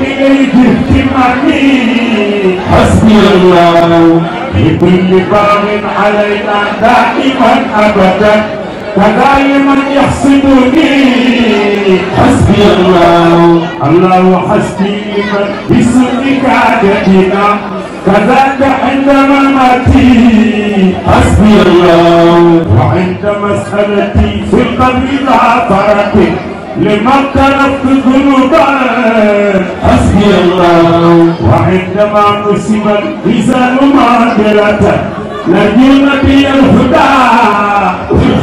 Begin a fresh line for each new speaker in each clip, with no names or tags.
إليه اهتمامي حسبي الله بكل باب علينا دائما أبدا ودائما يحسدني حسبي الله الله حسبي لمن بسوء كعادتنا كذاك عندما ماتي حسبي الله وعند مسألتي في القبر لا فرقت لمن تركت ذنوبا حسبي الله وعندما نسب الانسان معذرته لجنتي الهدى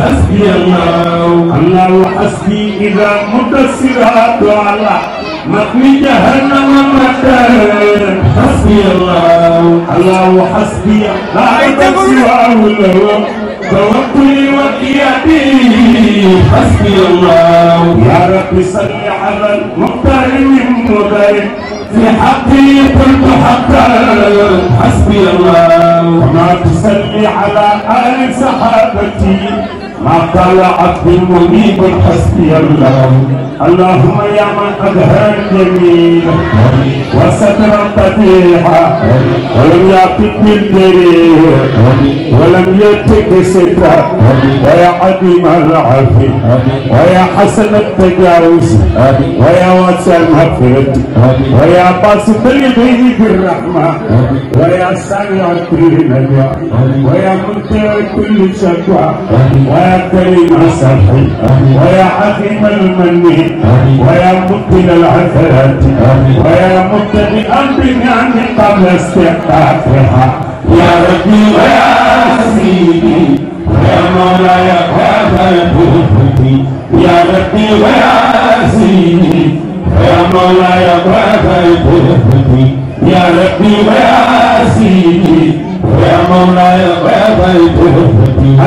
حسبي الله الله حسبي اذا مد الصراط على مقوي جهنم مكان حسبي الله الله حسبي لا تسواه له توكلي وقيادي حسبي الله يا رب صل على المختار من مدرب في حقي قلت حقا حسبي الله وما تصلي على آل صحابتي ما قال عبد المنيب حسبي الله اللهم يا من أظهر الجميل وستر الفتيح ولم يعتق بالدليل ولم يتق سترا ويا عديم العفو ويا حسن التجاوز ويا واسع المغفرة ويا باسط اليدين بالرحمة ويا سامع كل نجوى ويا منتهى كل شكوى ويا كريم الصرف ويا عظيم المن ويا مبطل العثرات ويا مبتدئا بنعم قبل استحقاقها يا ربي ويا سيدي ويا مولاي هذا بوحدي يا ربي ويا سيدي ويا مولاي هذا بوحدي يا ربي ويا سيدي يا مولاي ويا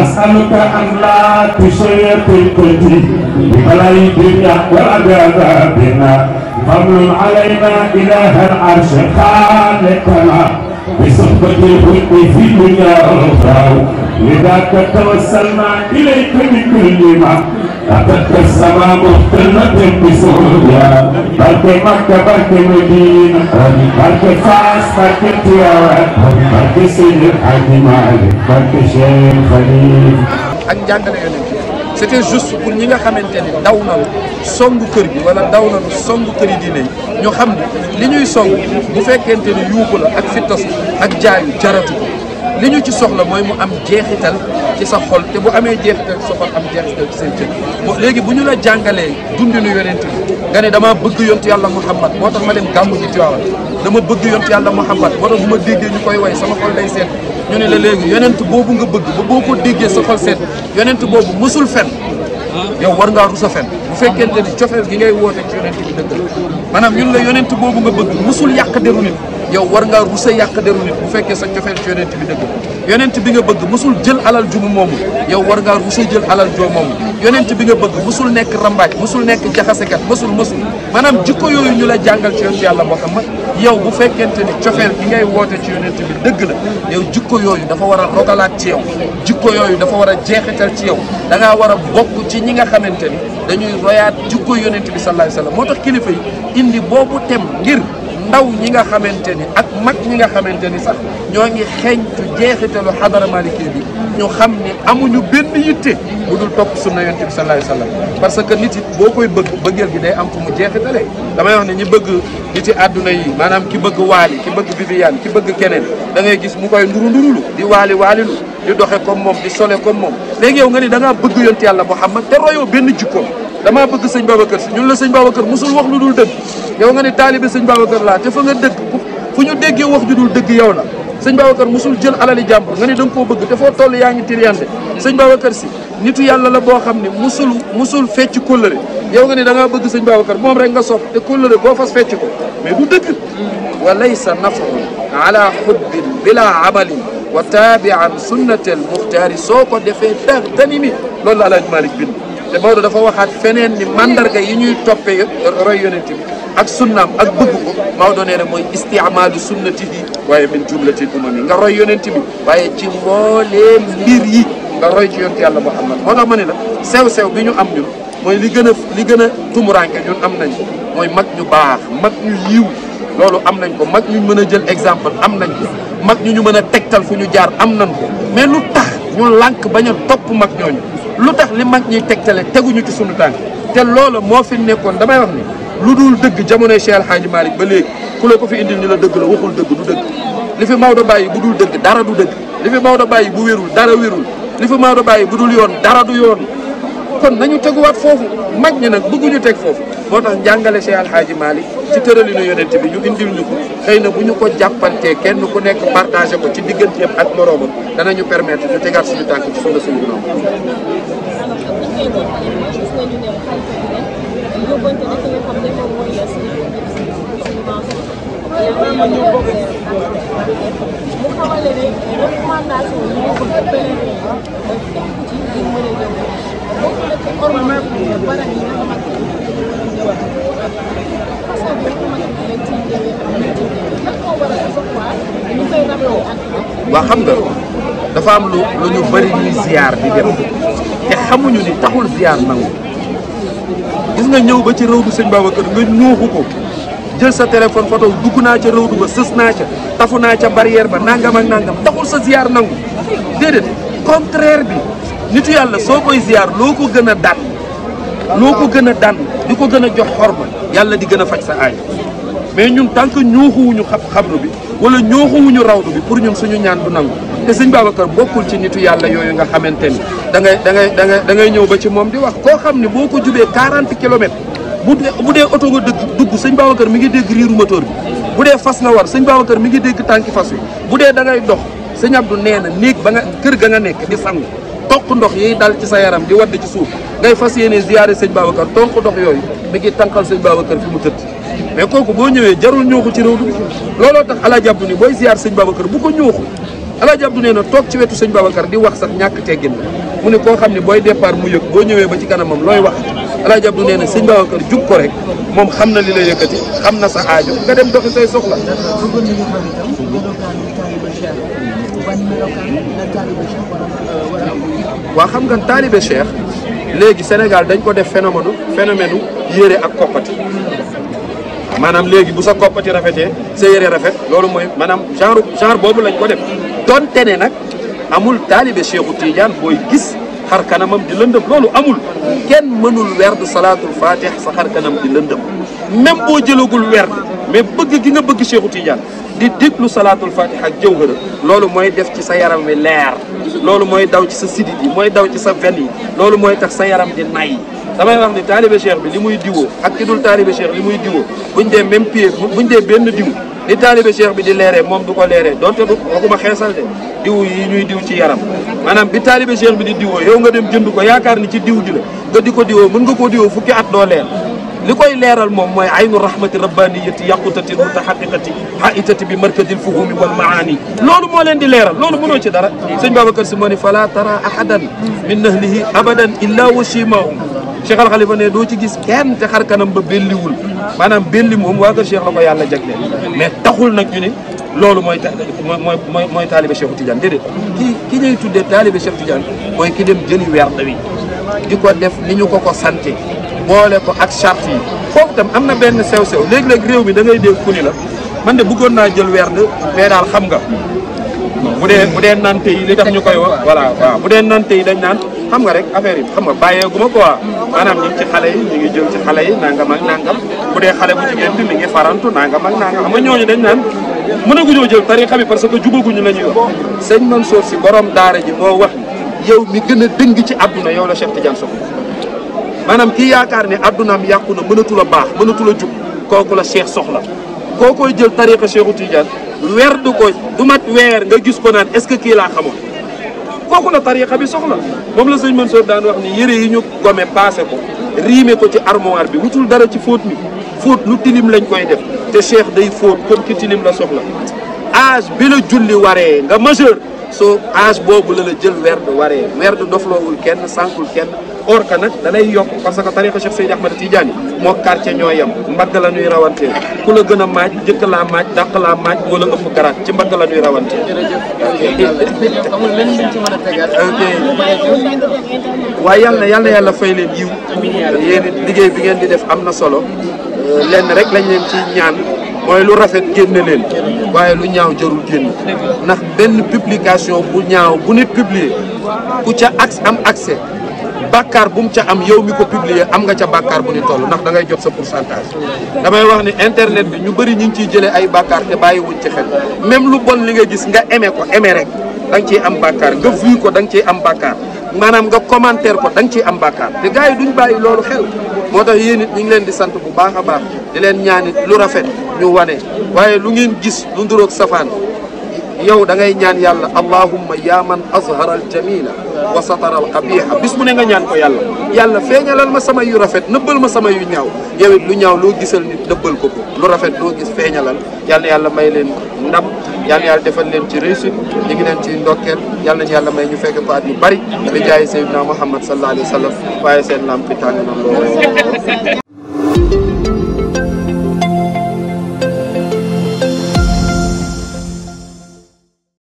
أسألك أن لا تشير بالكل ولا الدنيا ولا بعذابنا فضل علينا إله العرش خالقنا بصحبة الحب في الدنيا والأخرى لذاك توسلنا إليك بكل ما أتت السماء مختلة بسوريا برك مكة برك مدينة برك فاس برك التيارات برك سيد الحاج مالك برك شيخ خليل
ak njàngale yonent yi c'était juste pour ñi nga xamante ni daw nañu songu kër gi wala daw nañu songu kër yi diine yi ñu xam ne li ñuy song bu fekkente ni yuuxu la ak fittas ak jaayu jaratu ko li ñu ci soxla mooy mu am jeexital ci sa xol te bu amee jeexital ci sa xol am jeexital ci seen cër bu léegi bu ñu la jàngalee dundinu yonent bi nga ne dama bëgg yontu yàlla Muhammad moo tax ma leen gàmmu ji Tiwaawan dama bëgg yontu yàlla Muhammad moo tax bu ma déggee ñu koy way sama xol day seet ñu ne la léegi yonent boobu nga bëgg ba boo ko déggee sa xol seet yonent boobu mosul fen yow war ngaa rus a fen bu fekkente ni cofeel gi ngay woote ci yonent bi dëgg maanaam ñun la yonent boobu nga bëgg mësul yàq deru nit yow war ngaa rus a yàq deru nit bu fekkee sa cofeel ci yonent bi dëgg yonent bi nga bëgg musul jël alal ju mu moomu yow war ngaa rus a jël alal joo moomu yonent bi nga bëgg musul nekk rambaaj musul nekk jaxasekat musul musul maanaam jikko yooyu ñu la jàngal ci yonent yàlla Muhammad yow bu fekkente ni cofeel gi ngay woote ci yonent bi dëgg la yow jikko yooyu dafa war a rogalaat ci yow jikko yooyu dafa war a jeexital ci yow da ngaa war a bokk ci ñi nga xamante ni dañuy royaat jikko yonent bi sallallahu alayhi wa moo tax kilifa indi boobu tem ngir ndaw ñi nga xamante ni ak mag ñi nga xamante ni sax ñoo ngi xeeñtu jeexitalu xadara maliki bi ñu xam ni amuñu benn yitte bu dul topp sunna yonent bi sallallahu alayhi wasallam parce que nit it boo koy bëgg bëggeel gi day am fu mu jeexitale damay wax ne ñi bëgg nit yi àdduna yi maanaam ki bëgg waali ki bëgg Viviane ki bëgg keneen da ngay gis mu koy nduru ndurulu di waali waalilu di doxe comme moom di sole comme moom léegi yow nga ni da bëgg yont yàlla Muhammad te royoo benn jikkoom damaa bëgg sëñ Babacar si ñun la sëñ Babacar musul wax lu dul dëgg yow nga ne taalibe sëñ Babacar laa te fa nga dëgg fu ñu déggee wax ju dul dëgg yow la sëñ Babacar musul jël alali jàmbur nga ne da nga koo bëgg te foo toll yaa ngi tiriyande sëñ Babacar si nitu yàlla la boo xam ne musul musul fecc kóllëre yow nga ne da bëgg sëñ Babacar moom rek nga sopp te kóllëre boo fas fecc ko mais du dëgg wa laysa nafrun ala xubbin bila amalin wa taabian sunnate al muxtaari soo ko defee dar tanimi loolu la Alaaji Malick bind te Maodo dafa waxaat feneen ni mandarga yi ñuy toppe roy yonent bi ak sunnaam ak bëgg ko Maodo nee na mooy istiamalu sunnatihi waaye min jumlatil umami nga roy yonent bi waaye ci mbooleem mbir yi nga roy ci yonent yàlla Muhammad moo tax ma ne la sew-sew bi ñu am ñun mooy li gën a li gën a tumuranke ñun am nañ mooy mag ñu baax mag ñu yiw loolu am nañ ko mag ñu mën a jël exemple am nañ ko mag ñu ñu mën a tegtal fu ñu jaar am nañ ko mais tax ñu lànk bañ a topp mag ñooñu lu tax li mag ñiy tegtale teguñu ci sunu tànk te loola moo fi nekkoon damay wax ni lu dul dëgg jamonoy Cheikh El Hadj Malick ba léegi ku la ko fi indi ñu la dëgg la waxul dëgg du dëgg li fi Maodo bàyyi bu dul dëgg dara du dëgg li fi Maodo bàyyi bu wérul dara wérul li fi Maodo bàyyi bu dul yoon dara du yoon kon nañu teguwaat foofu mag ñi nag ñu teg foofu moo tax njàngale Cheikh Al Hadji ci tëralinu yonent bi ñu indil ñu ko xëy na bu ñu ko jàppantee kenn ku nekk partagé ko ci digganteem ak moroomam danañu permettre ñu tegaat suñu tànk ci sunna suñu noom mu waa xam nga dafa am lu lu ñu bëri ñuy ziar di dem te xamuñu ni taxul ziar nangu gis nga ñëw ba ci réew du sëñ Babacar nga ñuuxu ko jël sa téléphone photo dugg naa ca réew ba sës naa ca tafu naa ca barrière ba nangam ak nangam taxul sa ziar nangu déedéet contraire bi. nitu yàlla soo koy ziar loo ko gën a daan loo ko gën a daan di ko gën a jox xorma yàlla di gën a faj sa aay mais ñun tant que ñooxuwuñu xam xabru bi wala ñooxuwuñu rawdu bi pour ñun suñu ñaan du nangu te sëñ Babacar bokkul ci nitu yàlla yooyu nga xamante ni da ngay dangay da ngay da ñëw ba ci moom di wax koo xam ne boo ko jubee 40 kilomètres bu dee bu dee oto nga dëgg dugg sëñ Babacar mi ngi dégg riiru moteur bi bu dee fas nga war sëñ Babacar mi ngi dégg tànki fas wi bu dee da ngay dox sëñ Abdou nee na néeg ba nga kër ga nga nekk di sangu toq ndox yi dal ci sa yaram di wadd ci suuf ngay fas yéene ziyaare sëñ Babacar tonk ndox yooyu bi ngi tànqal sëñ Babacar fi mu tëdd mais kooku boo ñëwee jarul ñuuxu ci réew mi looloo tax Alaaji Abdu ni booy ziyaar sëñ Babacar bu ko ñuuxu Alaaji Abdu nee na toog ci wetu sëñ Babacar di wax sa ñàkk teggin la mu ne koo xam ne booy départ mu yëg boo ñëwee ba ci kanamam looy wax Alaaji Abdu nee na sëñ Babacar jub ko rek moom xam na li la yëkkati xam na sa aajo nga dem doxi say soxla ban euh, xam nga taalibe Cheikh léegi Sénégal dañ ko def phénomène phénomène yére ak koppati maanaam léegi bu sa koppati rafetee sa yére rafet loolu mooy maanaam genre genre boobu lañ ko def donte ne nag amul taalibe Cheikhu Tidiane booy gis. xar kanamam di lëndëm loolu amul kenn mënul werd salaatul fatih sa xar kanam di lëndëm même boo jëlagul werd mais bëgg gi nga bëgg Cheikhou Tidiane di déglu salaatul fatih ak jëw jawhara loolu mooy def ci sa yaram wi leer loolu mooy daw ci sa sidit yi mooy daw ci sa ven yi loolu mooy tax sa yaram di nay damay wax ni taalibe cheikh bi li muy diwoo ak ki dul taalibe cheikh li muy diwoo buñ dee même pied buñ dee benn diw ni taalibe cheikh bi di leeree moom du ko leeree donte du waxuma xeesal de diw yi ñuy diw ci yaram maanaam bi taalibe cheikh bi di diwoo yow nga dem jënd ko yaakaar ni ci diw ji nga di ko diwoo mën nga koo diwoo fukki at doo leer li koy leeral moom mooy aynu rahmati rabbaniyati yaqutati mutahaqiqati haitati bi markadil fuhumi wal maani loolu moo leen di leeral loolu mënoo ci dara sëñ Babacar Si moo ni fala tara ahadan min ahlihi abadan illa wa shimahum Cheikh Al Khalifa ne doo ci gis kenn te xar kanam ba belliwul maanaam belli moom waa kër Cheikh ko yàlla jagleel mais taxul nag ñu ne loolu mooy mooy mooy mooy taalibe Cheikh Tidiane déedéet ki ki ñuy tuddee taalibe Cheikh Tidiane mooy ki dem jëli weer wi di ko def ni ñu ko ko sante boole ko ak charte yi foofu tam am na benn sew-sew léeg-léeg réew mi da ngay dégg ku ni la man de bëggoon naa jël weer mais daal xam nga bu dee bu dee nante li tax ñu koy wax voilà waaw bu dee naan xam nga rek affaire yi xam nga bàyyeegu ma quoi maanaam ñu ngi ci xale yi ñu ngi jël ci xale yi nangam ak nangam bu dee xale bu jigéen bi mi ngi farantu nangam ak nangam xam nga ñooñu dañ naan mënaguñoo jël tarixa bi parce que jubaguñu la boo wax sëñ Mansour si borom daara ji moo wax yow mi gën a dëng ci àdduna yow la Cheikh Tidiane Sow maanaam kii yaakaar ne addunaam yàqu na mënatul a baax mënatul a jub kooku la Cheikh soxla koo koy jël tarixa Cheikhu Tidiane weer du ko du mat weer nga gis ko naan est-ce que kii laa xamoon kooku la tariqa bi soxla moom la sëñ soo daan wax ni yére yi ñu gome paase ko riime ko ci armoire bi wutul dara ci fóot mi fóot lu tilim lañ koy def te cheikh day fóot comme ki tilim la soxla âge bi la julli waree nga majeur soo age boobu la la jël werd waree werd dofloowul kenn sànkul kenn or que nag da yokk parce que tariqa Cheikh Seydi Ahmad Tidiane moo quartier ñoo yem mbagg la ñuy rawantee ku la gën a maaj jëkk laa maaj dàq laa maaj wala ëpp garaat ci mbagg la ñuy rawantee waaye yàlla yàlla yàlla fay leen yiw yéen liggéey bi ngeen di def am na solo euh, lenn rek lañ leen ci ñaan mooy lu rafet génne leen waaye lu ñaaw jarul génn ndax benn publication bu ñaaw bu nit publier ku ca am accès bàkkaar bu mu ca am yow mi ko publier am nga ca bàkkaar bu ni toll ndax da ngay jot sa pourcentage damay wax ni internet bi ñu bëri ñu ngi ciy jëlee ay bàkkaar te bàyyi wuñ ci xel même lu bon li nga gis nga aimé ko aimé rek da nga ciy am bàkkaar nga vu ko da nga ciy am bàkkaar maanaam nga commentaire ko da nga am bàkkaar te gars yi duñ bàyyi loolu xel moo tax yéen it ñu ngi leen di sant bu baax a baax di leen ñaanit lu rafet ñu wane waaye lu ngeen gis lu nduroog safaan yow da ngay ñaan yàlla allahumma yaa man azhara al jamila wa satara al qabiha bis mu ne nga ñaan ko yàlla yàlla feeñalal ma sama yu rafet nëbbal ma sama yu ñaaw yow lu ñaaw loo gisal nit nëbbal ko lu rafet loo gis feeñalal yàlla yàlla may leen ndam yàlla yàlla defal leen ci réussite ñu ngi leen ci ndokkeel yàlla nañu yàlla may ñu fekk ko ñu yu bari bi jaay Seydina Muhammad sallallahu alayhi wa sallam waaye seen lam fi tàng na